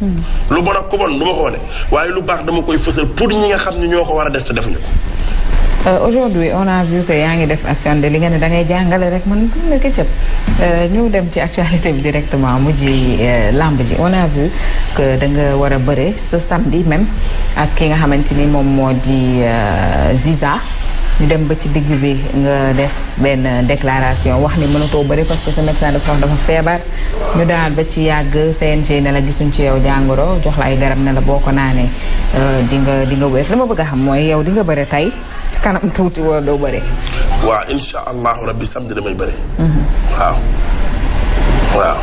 lu bon ak ku bon du wane waaye lu baax dama koy fësal pour ñi nga xam ne ñoo ko war a def te defuñu ko. Euh, aujourd'hui on a vu yaa ngi def action de li nga ne da ngay jàngale rek man gis nga këccëb euh, ñu dem ci actualité bi directement mu ji euh, làmb ji on a vu que da nga war a bëre ce samedi même ak ki nga xamante ni moom moo di Ziza. ñu dem ba ci digg bi nga def benn declaration wax ni mënatoo bëri parce que sa médecin de force dafa feebar ñu daal ba ci yàgg CNG na la gisuñ ci yow jàngoro jox la ay garab na la boo ko naanee euh, di nga di nga wér li ma bëgg a xam mooy yow di nga bëri tey ci kanam tuuti wala doo bëri. waaw incha allahu rabbi samedi damay bëri. Mhm. waaw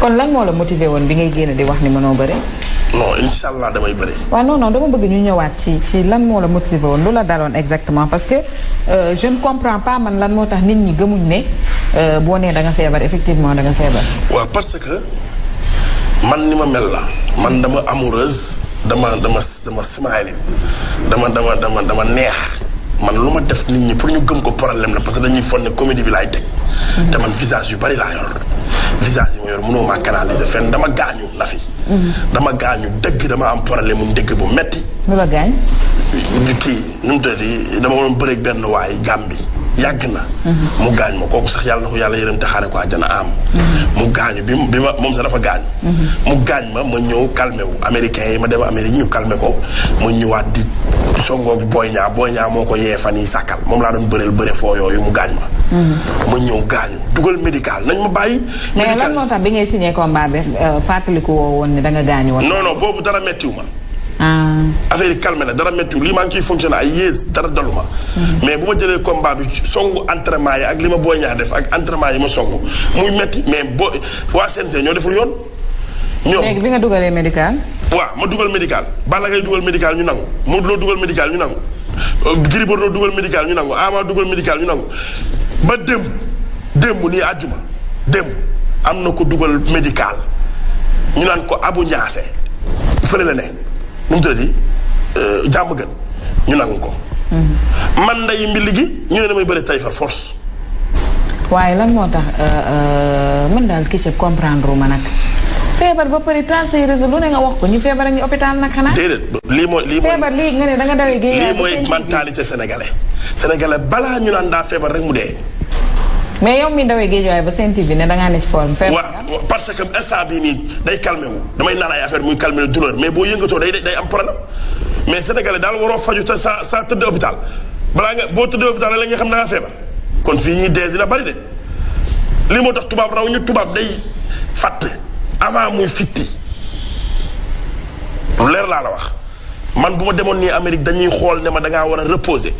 kon lan moo la motivé woon bi ngay génn di wax ni mënoo bëri. non incha allah damay bëri. waaw non non dama bëgg ñu ñëwaat ci ci lan moo la motivé woon lu la daloon exactement parce que euh, je ne comprends pas man lan moo tax nit ñi gëmuñ ne euh, boo nee danga feebar effectivement da nga feebar. waa parce que man ni ma mel la man dama amoureuse dama dama dama smiling dama dama dama dama neex man lu ma def nit ñi pour ñu gëm ko problème la parce que dañuy fonne comédie bi laay teg. Mhm. te man visage yu bari laa yor visage yi ma yor mënoo maa canaliser fenn dama gaañu na fi. dama gaañu dëgg dama am problème mu dëgg bu metti lu la gaañ. kii nu mu tëddee dama waroon benn waay gàmm bi yàgg na. Mhm. mu gaañ ma kooku sax yàlla ko yàlla yërëm te xaare ko àjjana am. Mhm. mu gaañu bi bi ma moom sax dafa gaañ. Mhm. mu gaañ ma ma ñëw calmé wu américain yi ma dem Amérique ñu calmé ko ma ñëwaat di. songoo booy ñaa booy ñaa moo ko yee fan yi sàkkal moom laa doon bëreel bëre foo yooyu mu gaañ ma. Mhm. ma ñëw gaañu dugal médical nañ ma bàyyi. médical mais lan moo tax bi ngay signé combat bi euh, fàttaliku woo woon ni da nga gaañu woon. non boobu dara méttiw ma. Ah. affaire yi calmé dara méttiw lii ma ngi ciy fonctionné ay yées dara dalu ma. Mhm. mais bu ma jëlee combat bi songu entraînement yi ak li ma booy ñaa def ak entraînement yi ma songu muy métti mais boo waa CNG ñoo deful yoon. ñoom léegi bi nga dugalee médical. waaw ma dugal médical Balla Gaye dugal médical ñu nangu Modou Lo dugal médical ñu nangu euh, Gris dugal médical ñu nangu Ama dugal médical ñu nangu ba démb démb nii àjjuma démb am na ko dugal médical ñu naan ko Abu Ñaase fële la ne nu mu euh, gën ñu nangu ko. Mm-hmm. man nday mbill gi ñu ne damay bëri tay force. waaye lan moo tax euh, man daal kii comprendre ma nag. feebar ba pare transfert réseau lu ne nga wax ko ñu feebar a ngi hôpital nag xanaa. déedéet lii mooy lii mooy feebar lii nga ne da nga dawee géej balaa ñu naan daa feebar rek mu dee. mais yow mi dawee géej waaye ba seen TV ne da ngaa ne ci forme. feebar waaw parce que instant bii nii day calmé wu damay naan ay affaire muy calmé douleur mais boo yëngatoo day day am problème mais sénégalais daal sa sa tëdd hôpital balaa nga boo tëdd hôpital la nga xam naa ngaa feebar kon fii ñuy dee dina bari de li moo tax tubaab raw ñu tubaab day fàtte avant muy fitti lu leer laa la wax man bu ma demoon nii Amérique dañuy xool ne ma da ngaa war a reposer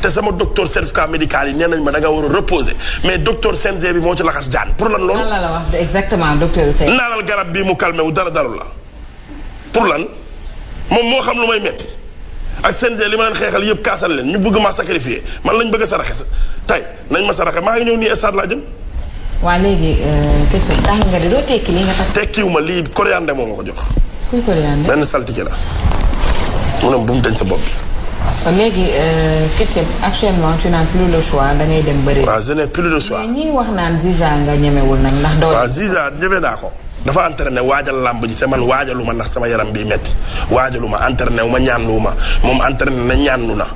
te sama docteur certificat médical yi nee ma danga war a reposer mais docteur CNG bi moo ci laxas jaan pour lan loolu. lan la la wax naanal garab bii mu calmé wu dara daru la pour lan moom moo xam lu may metti ak CNG li ma leen xeexal yëpp kaasal leen ñu bëgg ma sacrifier man lañ bëgg a saraxe sa tey nañ ma sa saraxe maa ngi ñëw nii stade laa jëm. waa léegi euh, Kër Saalum tax nga de doo tekki li nga tax. tekkiwu lii coriandre moo ma ko jox. kuy coriandre benn saltige la. mu ne bu mu denc sa bopp bi. kon léegi euh, Ketchup actuellement tu n'as le choix da ngay dem bëri. waaw je n'ai plus le choix. mais ñi wax nga ñemewul nag ndax. doo waaw Ziza ñeme naa ko. dafa entraîné waajal làmb ji te man waajaluma ndax sama yaram bi metti waajaluma entrene wu ma ñaanlu ma moom entraîné na ñaanlu na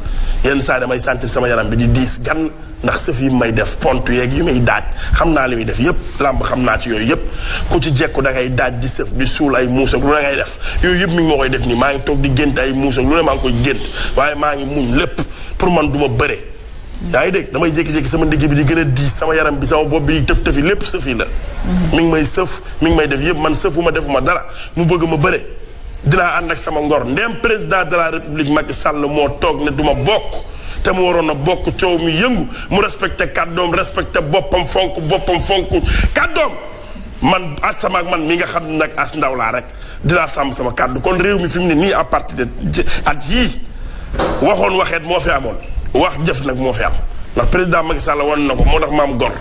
yenn saa damay sentir sama yaram bi di diis gan. ndax sëf yi may def pont yeeg yi may daaj xam naa li muy def yëpp làmb xam naa ci yooyu yëpp ku ci jekku da ngay daaj di sëf di suul ay muus ak lu ne def yooyu yëpp mi ngi ma koy def nii maa ngi toog di gént ay muus ak lu ne waaye maa ngi muñ lépp pour man du ma bëre yaa ngi dégg damay jékki sama ndigg di gën a sama yaram bi sama bopp bi di tëf tëfi lépp sëf la mhm. mi ngi may sëf mi ngi may def yëpp man sëfu ma defuma dara mu bëgg ma bëre dinaa ànd ak sama ngor ndem président de la république Macky Sall moo toog ne du ma bokk te mu waroon na bokk coow mu yëngu mu respecté kàddoom respecté boppam fonk boppam fonk kàddoom man ak sama ak man mi nga xam nag as ndaw laa rek dinaa sàmm sama kàddu kon réew mi fi mu ne nii à partir de at yii waxoon waxeet moo fi amoon wax jëf nag moo fi am ndax président Macky Sall wan na ko moo tax maam gor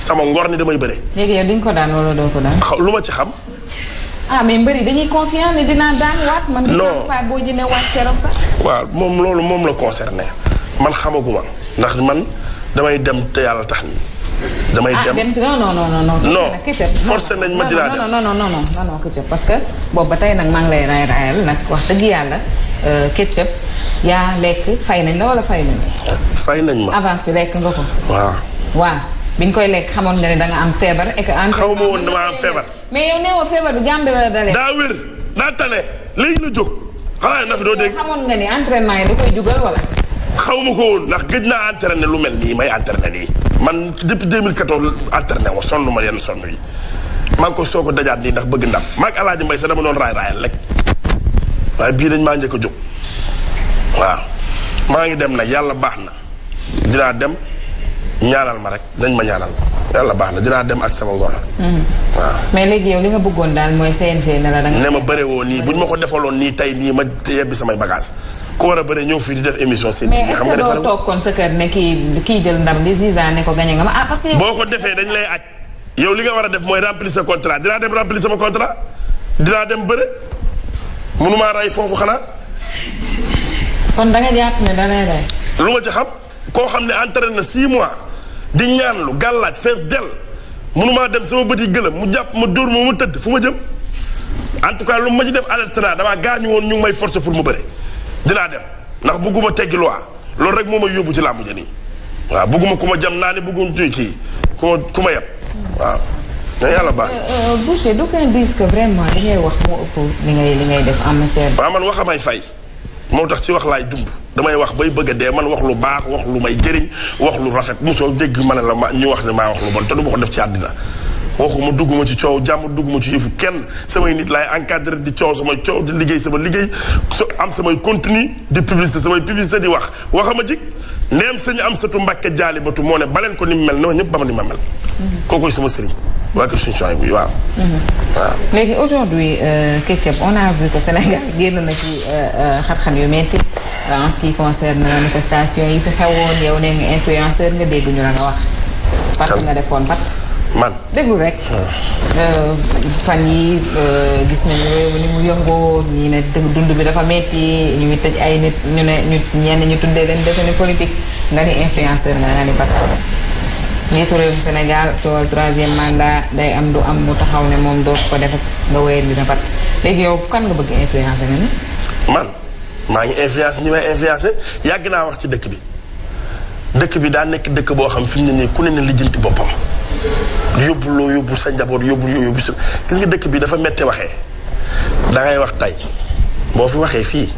sama ngor ni damay bëre. léegi yow duñ ko daan wala doo ko daan. xaw lu ma ci xam. ah mais mbëri dañuy confiant dinaa daan waat. man gis naa boo jëlee moom loolu moom la concerné. man xamaguma ndax man damay dem te yàlla tax ni damay dem non non non non. non forcé nañ ma dinaa dem non non non non non parce que boobu ba tey nag maa ngi lay raay raayal nag wax dëgg yàlla. Euh, ketchup yaa lekk fay nañ la wala fay nañ la. fay nañ ma avance bi lekk nga ko. waaw. waaw bi ñu koy lekk xamoon nga ne da nga am feebar. et que en xaw ma woon dama am feebar. mais yow nee woo feebar bi Gambie la dalee. daa wér daa tane léegi la jóg xanaa na fi doo dégg. xamoon nga ni entraînement yi da koy jugal wala. xaw ma ko woon ndax gëj naa entraîné lu mel nii may entraîné nii man depuis 2014 entraîné wu sonn ma yenn sonn yi maa ngi ko soo ko dajaat nii ndax bëgg ndam maa ngi Alaaji Mbay sax doon raay bii dañ maa njëkk a jóg waaw maa ngi dem nag yàlla baax na dinaa dem ñaanal ma rek dañ ma ñaanal yàlla baax na dinaa dem ak sama ngor. Mhm. waaw mais léegi yow li nga bëggoon daal mooy CNG ne ne ma bëre woon nii bu ñu ma ko defaloon nii tey nii ma yebbi samay bagage ku war a bëre ñëw fii di def émission seen TV xam nga ne pare toog kon sa kër ne kii kii jël ndam li Ziza ne ko gañe nga ma ah parce boo ko defee dañ lay aj yow li nga war a def mooy remplir sa contrat dinaa dem remplir sama contrat dinaa dem bëre mënumaa ray foofu xanaa kon da nga jàpp ne da lu ma ci xam koo xam ne entraîné na 6 mois di ñaanlu gàllaaj fees del mënumaa dem sama bët yi gëlëm mu jàpp ma dóor ma mu tëdd fu ma jëm en tout cas lu ma ci def alerte naa damaa woon ñu may force pour mu bëre dinaa dem ndax bëgguma teggi loi loolu rek moo ma yóbbu ci làmb ja nii waaw bëgguma ku ma jam naa ne bëgguma tuy kii ku ma ku ma yeb waaw na yàlla baax euh, euh, Boucher du ko wax a ëpp fay moo tax ci wax laay dund damay wax bay bëgg a dee man wax lu baax wax lu may jëriñ wax lu rafet soo dégg ma ne la ma ñu wax ne maa wax lu bon te du ma ko def ci àddina waxuma dugguma ci coow jàmm dugguma ci yëfu kenn samay nit laay encadré di coow sama coow di liggéey sama liggéey so am samay contenu di publicité samay publicité di wax waxama jik ndeem sëñ am satu mbàkke jaali batu moo ne baleen ko ni mu mel ne ma ñëpp ba ma ni ma mel kookoy sama sëriñ waa kër suñu changement bi waaw. waaw léegi aujourd'hui euh, Ketchup on a vu que Sénégal génn na ci euh, euh, xat-xat yu metti en ce qui concerne manifestation yi fi xewoon yow nee nga influenceur nga dégg ñu la nga wax. pat nga defoon pat. man déglu rek. Hmm. Euh, fan yi euh, gis nañu réew mi ni mu yëngoo ñii ne dund bi dafa metti ñu ngi tëj ay nit ñu ne ñu ñenn ñu tuddee leen defe ne politique nga ni influenceur nga nga ni bat. njiitu réewum Sénégal tool troisième day am du am mu taxaw ne moom dootu ko defet nga wéyal dina bat léegi yow kan nga bëgg influencé nga ni. man maa ngi influence ñi may influencé yàgg naa wax ci dëkk bi dëkk bi daa nekk dëkk boo xam fi mu ne nii ku ne ne lijjanti boppam. yóbbu loo yóbbu sa njaboot yóbbu yoo yóbbu sa gis nga dëkk bi dafa metti waxee dangay wax tey boo fi waxee fii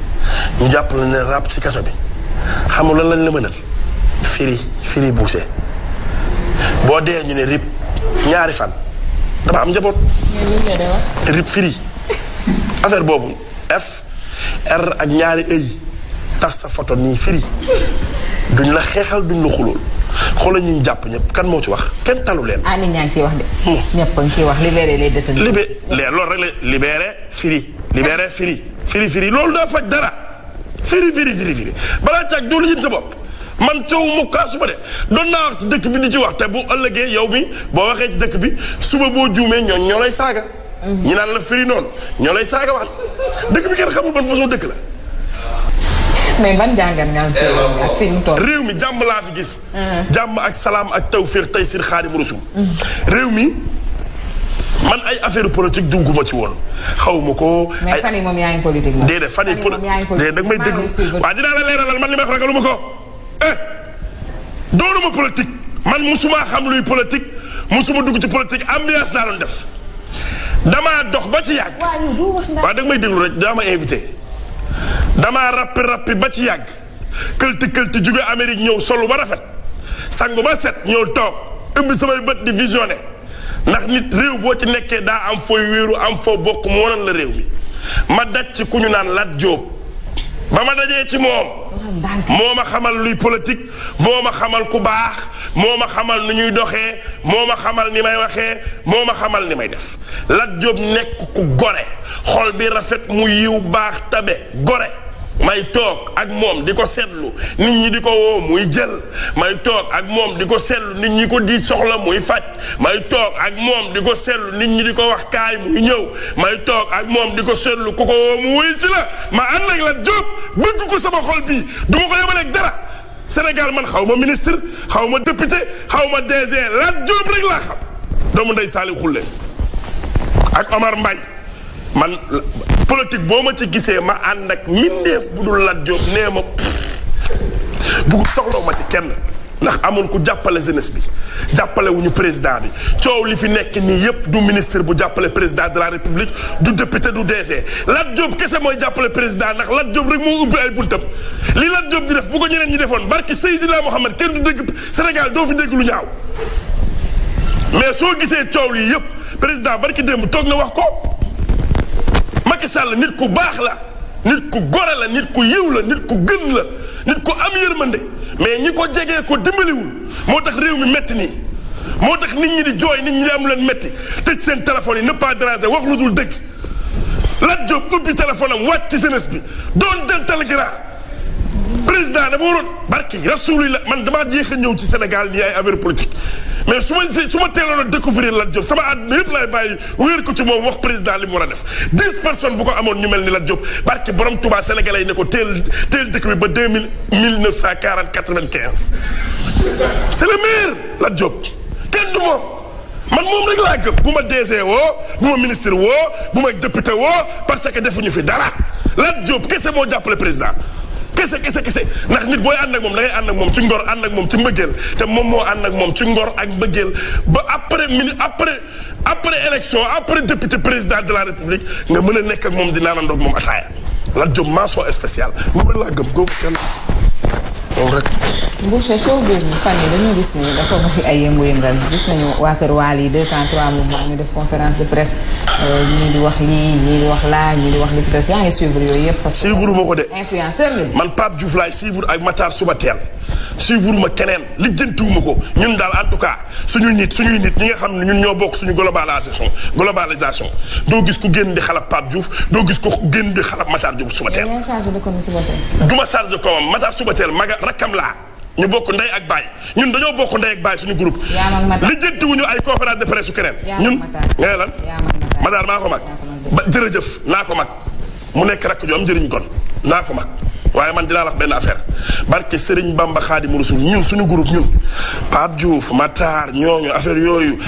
ñu jàpp la ne ràpp ci kaso bi xamul lan lañ la mënal firi firi buuse boo dee ñu ne rib ñaari fan dafa am njaboot rib firi affaire boobu f r ak ñaari ëy e tas sa foto nii firi duñ la xeexal duñ la xulool xoolal ñi ñu jàpp ñëpp kan moo ci wax kenn talu leen. ah nit ñaa ngi ciy wax de. Hmm. ñëpp a ngi ciy wax libéré les détenus. libé loolu rek la libéré firi. libéré firi firi firi loolu daa faj dara firi firi firi balaa caag doo lijjit sa bopp. man coow mu kaasuma de doon naa wax ci dëkk bi di ci wax te bu ëllëgee yow mi boo waxee ci dëkk bi suba boo juumee ñooñ ñoo lay saaga. Mhm. ñi naan la firi noonu ñoo lay saaga waat dëkk bi kenn xamul ban façon dëkk la. mais ban jàngat nga eh, réew mi jàmm laa fi gis. Ah. jàmm ak salaam ak tawféex taysir xaadim rusul. réew mi man ay affaire politique dugguma ci woon xaw ma ko. ay mais déedéet fan may déglu waaw dinaa la leeralal man li ma wax ragaluma ko. eh doonuma politique man musuma xam luy politique musuma dugg ci politique ambiance laa doon def damaa dox ba ci yàgg. waaw da nga may déglu rek daa invité. dama rappi rappi ba ci yàgg këlti këlti jóge Amérique ñëw solu ba rafet sangu ba set ñëw toog ubbi samay bët di visionné ndax nit réew boo ci nekkee daa am foo wéeru am foo bokk moo nan la réew mi ma daj ci ku ñu naan laat Diop ba ma dajee ci moom moom a xamal luy politique moo a xamal ku baax moom a xamal ni ñuy doxee moo ma xamal ni may waxee moom a xamal ni may def Lat Diop nekk ku gore xol bi rafet mu yiw baax tabe gore may toog ak moom di ko seetlu nit ñi di ko woo muy jël may toog ak moom di ko seetlu nit ñi ko di soxla muy faj may toog ak moom di ko seetlu nit ñi di ko wax kaay muy ñëw may toog ak moom di ko seetlu ku ko woo mu wuy si la ma ànd ak la jóob bëgg ko sama xol bii du ma ko yemaleeg dara Sénégal man xaw ma ministre xaw ma député xaw ma DG la jóob rek laa xam doomu ndey Saali Xulle ak Omar Mbaye man politique boo ma ci gisee ma ànd ak mindeef bu dul Lat Diop nee ma bugg soxlaw ma ci kenn ndax amul ku jàppale jeunesse bi jàppale wuñu président bi coow li fi nekk nii yëpp du ministre bu jàppale président de la république du député du DG Lat Diop kese mooy jàppale président ndax Lat Diop rek moo ubbi ay buntam li Lat Diop di def bu ko ñeneen ñi defoon barki Seydina Mohamed kenn du dégg Sénégal doo fi dégg lu ñaaw mais soo gisee coow lii yépp président barki démb toog na wax ko Sall nit ku baax la nit ku gore la nit ku yiw la nit ku gën la nit ku am yërmande mais ñi ko jegee ko dimbaliwul moo tax réew mi métti nii moo tax nit ñi di jooy nit ñi di am leen métti tëj seen téléphone yi ne pas déranger wax lu dul dëgg Lat Diop ubbi téléphone am wàcc ci jeunesse bi doon jël télégramme président dama waroon barke rasulillah man damaa yéex a ñëw ci Sénégal nii ay affaire politique mais su ma su ma teeloon a découvrir Lat Diop sama àdduna yëpp laay bàyyi wéer ko ci moom wax président li mu war a def dix personnes bu ko amoon ñu mel ni Lat Diop barke borom Touba sénégalais yi ne ko teel teel dëkk bi ba deux mille mille neuf cent quarante quatre vingt quinze. c'est le maire Lat Diop kenn moom man moom rek laa gëm bu ma DG woo bu ma ministre woo bu ma député woo parce que defuñu fi dara Lat Diop kese moo jàppale président. kese kese kese ndax nit booy ànd ak moom da ngay ànd ak moom ci ngor ànd ak moom ci mbëggeel te moom moo ànd ak moom ci ngor ak mbëggeel ba après mini après après élection après député président de la république nga mën a nekk ak moom di naanandoog moom ataaya Lat Diop mention spéciale moom rek laa gëm googu kenn foofu rek. Boucher show business fan yii dañoo gis ni dafa fi ay yëngu-yëngal gis nañu waa Kër Waal yi deux temps trois mouvement ñu def conférence de presse euh, ñii di wax lii ñii di wax laa ñii di wax li ci yaa ngi suivre yooyu yëpp. parce que suivre ma ko de. influenceur man Pape Diouf laay suivre ak Matar Suba Teel. suivre ma keneen lijjantiwuma ko ñun daal en tout cas suñu nit suñuy nit ñi nga xam ne ñun ñoo bokk suñu globalisation globalisation doo gis ko génn di xalab Pape Diouf doo gis ko génn di xalab Matar Diouf Subateel. du ma chargé koomam Matar Subateel maga rakkam laa ñu bokk ndey ak baay ñun dañoo bokk ndey ak baay suñu groupe. lijjantiwuñu ay conférence de presse keneen. ñun ngay la Matar maa ko mag. ba jërëjëf naa ko mag mu nekk rakk ju am njëriñ kon naa ko mag waaye man dinaa la wax benn affaire barke Serigne Bamba Xaadimu Rasuul ñun suñu groupe ñun Pape Diouf Matar ñooñu affaire yooyu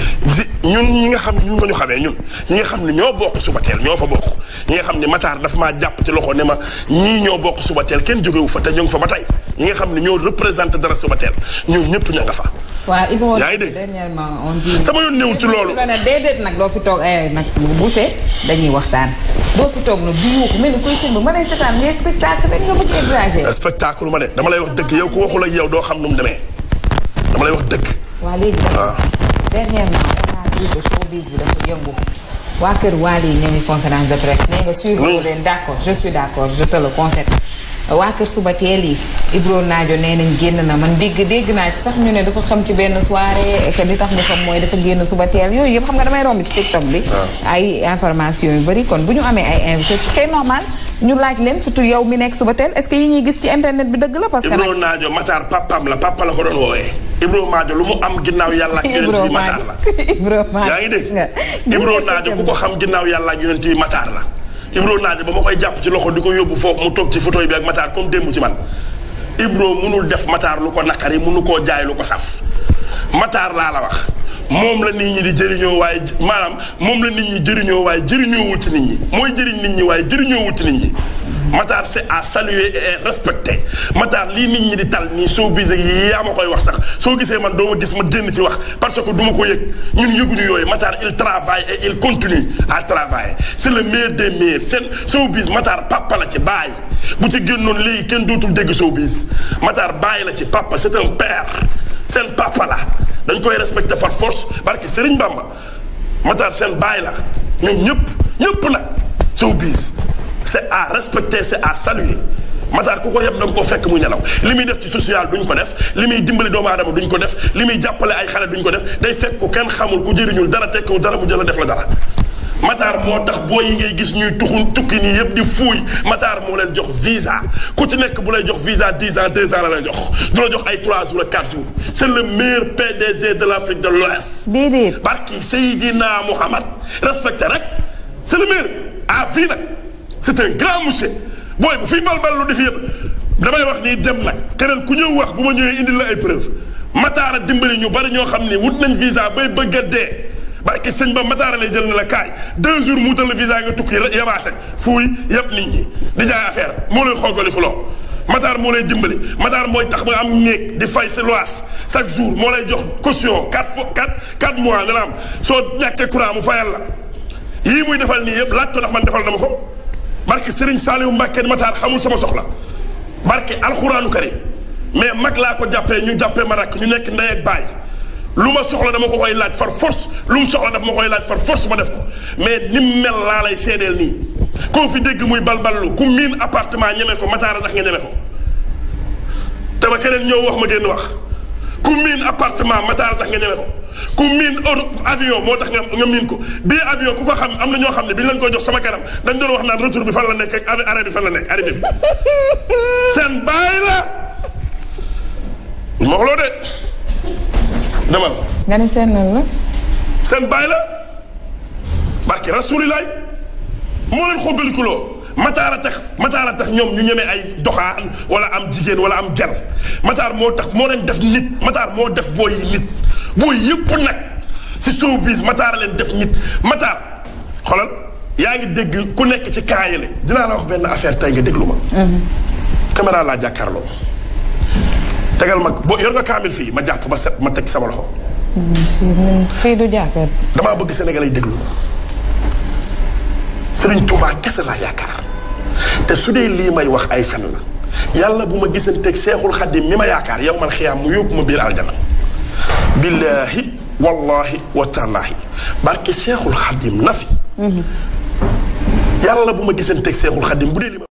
ñun ñi nga xam ñun la ñu xamee ñun ñi nga xam ne ñoo bokk suba teel ñoo fa bokk ñi nga xam ne Matar daf maa jàpp ci loxo ne ma ñii ñoo bokk suba teel kenn jógewu fa te ñu ngi fa ba tey ñi nga xam ni ñoo représenté dara suba teel ñoom ñëpp ña nga fa. waaw Ibou yaa ngi dégg dernièrement on dit. sama yoon néew ci loolu déedéet nag doo fi toog eh, nag boucher dañuy waxtaan. doo fi toog nag bii yuuxu mel ni kuy simb ma lay seetaan mais spectacle rek nga bëgg exagérer. Eh, spectacle ma de dama lay wax dëgg yow ko waxul ak yow doo xam nu mu demee dama lay wax dëgg. waaw léegi ah. dernièrement on a vu waa kër Wally ñu conférence de presse. nee nga suivre leen d' accord je suis d' accord je waa kër suba teel yi Ibro Naajo nee nañ génn na man dégg dégg naa ci sax ñu ne dafa xam ci benn soirée que li tax ñu xam mooy dafa génn suba teel yooyu yëpp xam nga damay romb ci TikTok bi. Ah. ay information yu bëri kon bu ñu amee ay invité c'est normal ñu laaj leen surtout yow mi nekk suba teel est-ce que yi ñuy gis ci internet bi dëgg la. parce que Ibro Naajo Matar papam la papa la ko doon woowee. Ibro Naajo lu mu am ginnaaw yàlla ak yonent bi Matar la. Ibro Naajo yaa ngi dégg. Ibro Naajo ku ko la. Ibro naaje ba ma koy jàpp ci loxo di ko yóbbu foofu mu toog ci photo bi ak Matar comme démb ci man Ibro mënul def Matar lu ko naqari mënu koo jaay lu ko saf Matar laa la wax moom la nit ñi di jëriñoo waaye maanaam moom la nit ñi jëriñoo waaye jëriñoowul ci nit ñi mooy jëriñ nit ñi waaye jëriñoowul ci nit ñi Matar c'est à saluer et respecter Matar lii nit ñi di tal nii soo bisee yaa ma koy wax sax soo gisee man doo ma gis ma génn ci wax parce que duma ko yëg ñun yëguñu yooyu Matar il travaille et il continue à travailler c'est le meilleur des meilleurs seen soo bis Matar papa la ci baay bu ci génnoon léegi kenn dootul dégg soo bis Matar bàyyi la ci papa c'est un père seen papa la dañ koy respecter par force barki Serigne Bamba Matar seen baay la ñoom ñëpp ñëpp la c'est à respecter c'est à saluer Matar ku ko yëpp da ko fekk mu nelaw li muy def ci social duñ ko def li muy dimbali doomu aadama duñ ko def li muy jàppale ay xale duñ ko def day fekk ku kenn xamul ku jëriñul dara tekkiwul dara mu jëla def la dara. Matar moo tax boo yi ngay gis ñuy tuxun tukki nii yëpp di fuuy Matar moo leen jox visa ku ci nekk bu lay jox visa 10 ans 2 ans la lay jox du la jox ay 3 jours ak 4 jours c'est le meilleur PDG de l'Afrique de l'Ouest. déedéet barki Seydina Mohamed respecté rek c'est le meilleur à vie nag. c'est un grand monsieur booy bu fi balbal lu def yëpp damay wax nii dem nag keneen ku ñëw wax bu ma ñëwee indi la ay preuve mataara dimbali ñu bari ñoo xam ni wut nañ visa bay bëgg a dee barke sëñ ba mataara lay jël na la kaay deux jours mu wutal la visa nga tukki yabaate fuuy yëpp nit ñi di jaay affaire moo lay xoogaliku loo mataar moo lay dimbali mataar mooy tax nga am néeg di fay sa loas chaque jour moo lay jox caution quatre fois quatre quatre mois nga la soo ñàkkee courant mu fayal la yii muy nii yëpp laaj ko ndax man defal na ma ko barke Serigne Saliou Mbacke Matar xamul sama soxla barke alxuraanu karim mais mag laa ko jàppee ñu jàppee ma rakk ñu nekk ndey ak baay lu ma soxla dama ko koy laaj far force lu mu soxla daf ma koy laaj far force ma def ko mais nim mel laa lay seedeel nii koo fi dégg muy balballu ku miin appartement ñeme ko Matar a tax nga ñeme ko te ba keneen ñëw wax ma génn wax. ku miin appartement mataara tax nga ñeme ko ku miin avion moo tax nga nga miin ko bii avion ku ko xam ne am na ñoo xam ne bi ñu leen ko jox sama kanam dañ doon wax naan retour bi fan la nekk ak arrêt bi fan la nekk arrivé bi seen bàyyi la ma wax loo de demal seen nan la seen bàyyi la barki rasulilaay moo mataar a tax mataar a tax ñoom ñu ñemee ay doxaan wala am jigéen wala am ger mataar moo tax moo leen def nit mataar moo def booy nit booy yëpp nag si suuf biis mataar a leen def nit mataar xoolal ngi dégg ku nekk ci kaayale dinaa la benn affaire tey nga déglu ma caméra jàkkaarloo tegal ma boo yor nga kaamil fii ma jàpp ba set ma teg sama loxo fii du jàkkaar damaa bëgg Sénégalais yi déglu ma Sëriñ Tuubaa kese laa yaakaar te su dee lii may wax ay fen la yàlla bu ma gisanteeg seexul xaddim mi ma yaakaar yow man xiyaam mu yóbbu ma biir aljana billaahi wallahi wa taalaahi barke seexul xaddim na fi mhm. yàlla bu ma gisanteeg seexul xaddim bu dee li ma